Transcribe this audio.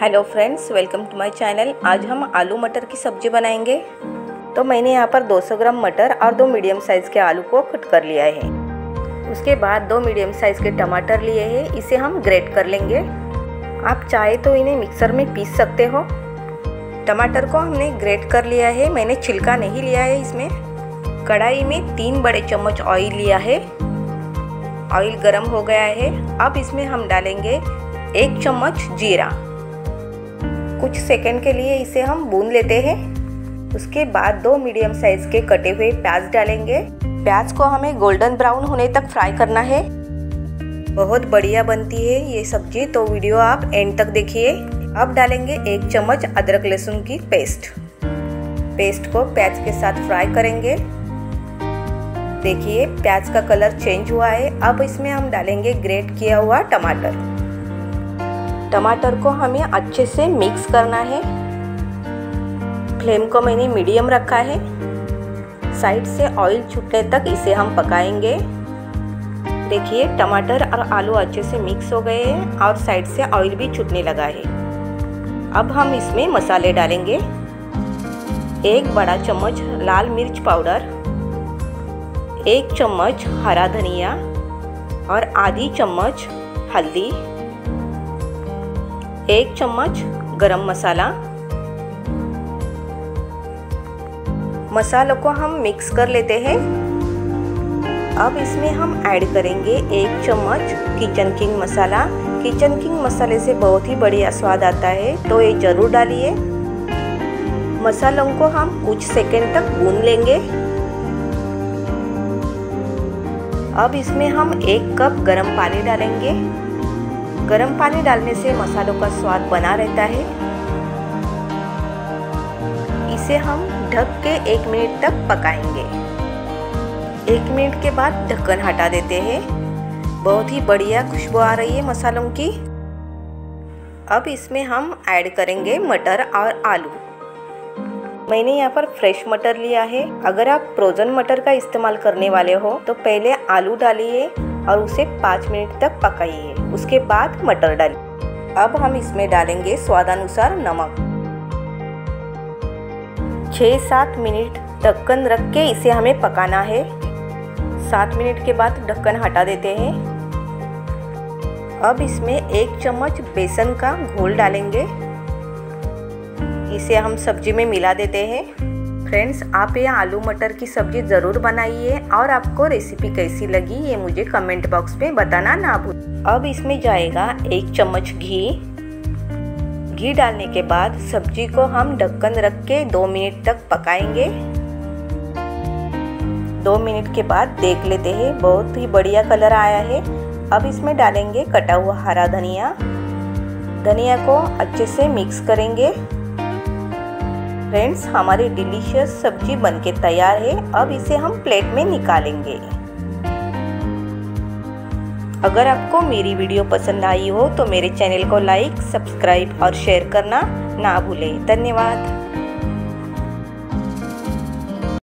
hello friends welcome to my channel आज हम आलू मटर की सब्ज़ी बनाएंगे तो मैंने यहाँ पर 200 ग्राम मटर और दो मीडियम साइज़ के आलू को कट कर लिया है उसके बाद दो मीडियम साइज़ के टमाटर लिए हैं इसे हम ग्रेट कर लेंगे आप चाहे तो इन्हें मिक्सर में पीस सकते हो टमाटर को हमने ग्रेट कर लिया है मैंने छिलका नहीं लिया है इसमें कढ़ाई में तीन बड़े चम्मच ऑयल लिया है ऑयल गर्म हो गया है अब इसमें हम डालेंगे एक चम्मच जीरा कुछ सेकंड के लिए इसे हम बून लेते हैं उसके बाद दो मीडियम साइज के कटे हुए प्याज डालेंगे प्याज को हमें गोल्डन ब्राउन होने तक फ्राई करना है बहुत बढ़िया बनती है ये सब्जी तो वीडियो आप एंड तक देखिए अब डालेंगे एक चम्मच अदरक लहसुन की पेस्ट पेस्ट को प्याज के साथ फ्राई करेंगे देखिए प्याज का कलर चेंज हुआ है अब इसमें हम डालेंगे ग्रेट किया हुआ टमाटर टमाटर को हमें अच्छे से मिक्स करना है फ्लेम को मैंने मीडियम रखा है साइड से ऑयल छूटने तक इसे हम पकाएंगे देखिए टमाटर और आलू अच्छे से मिक्स हो गए हैं और साइड से ऑयल भी छूटने लगा है अब हम इसमें मसाले डालेंगे एक बड़ा चम्मच लाल मिर्च पाउडर एक चम्मच हरा धनिया और आधी चम्मच हल्दी एक चम्मच गरम मसाला मसालों को हम मिक्स कर लेते हैं अब इसमें हम ऐड करेंगे एक चम्मच kitchen king masala kitchen king मसाले से बहुत ही बढ़िया स्वाद आता है तो ये ज़रूर डालिए मसालों को हम कुछ सेकंड तक भून लेंगे अब इसमें हम एक कप गरम पानी डालेंगे गर्म पानी डालने से मसालों का स्वाद बना रहता है इसे हम ढक के एक मिनट तक पकाएंगे एक मिनट के बाद ढक्कन हटा देते हैं बहुत ही बढ़िया खुशबू आ रही है मसालों की अब इसमें हम ऐड करेंगे मटर और आलू मैंने यहाँ पर फ्रेश मटर लिया है अगर आप फ्रोजन मटर का इस्तेमाल करने वाले हो तो पहले आलू डालिए और उसे पाँच मिनट तक पकाइए उसके बाद मटर डालिए अब हम इसमें डालेंगे स्वादानुसार नमक छः सात मिनट ढक्कन रख के इसे हमें पकाना है सात मिनट के बाद ढक्कन हटा देते हैं अब इसमें एक चम्मच बेसन का घोल डालेंगे इसे हम सब्जी में मिला देते हैं फ्रेंड्स आप ये आलू मटर की सब्जी ज़रूर बनाइए और आपको रेसिपी कैसी लगी ये मुझे कमेंट बॉक्स में बताना ना भूल अब इसमें जाएगा एक चम्मच घी घी डालने के बाद सब्जी को हम ढक्कन रख के दो मिनट तक पकाएंगे दो मिनट के बाद देख लेते हैं बहुत ही बढ़िया कलर आया है अब इसमें डालेंगे कटा हुआ हरा धनिया धनिया को अच्छे से मिक्स करेंगे फ्रेंड्स हमारी डिलीशियस सब्जी बनके तैयार है अब इसे हम प्लेट में निकालेंगे अगर आपको मेरी वीडियो पसंद आई हो तो मेरे चैनल को लाइक सब्सक्राइब और शेयर करना ना भूलें धन्यवाद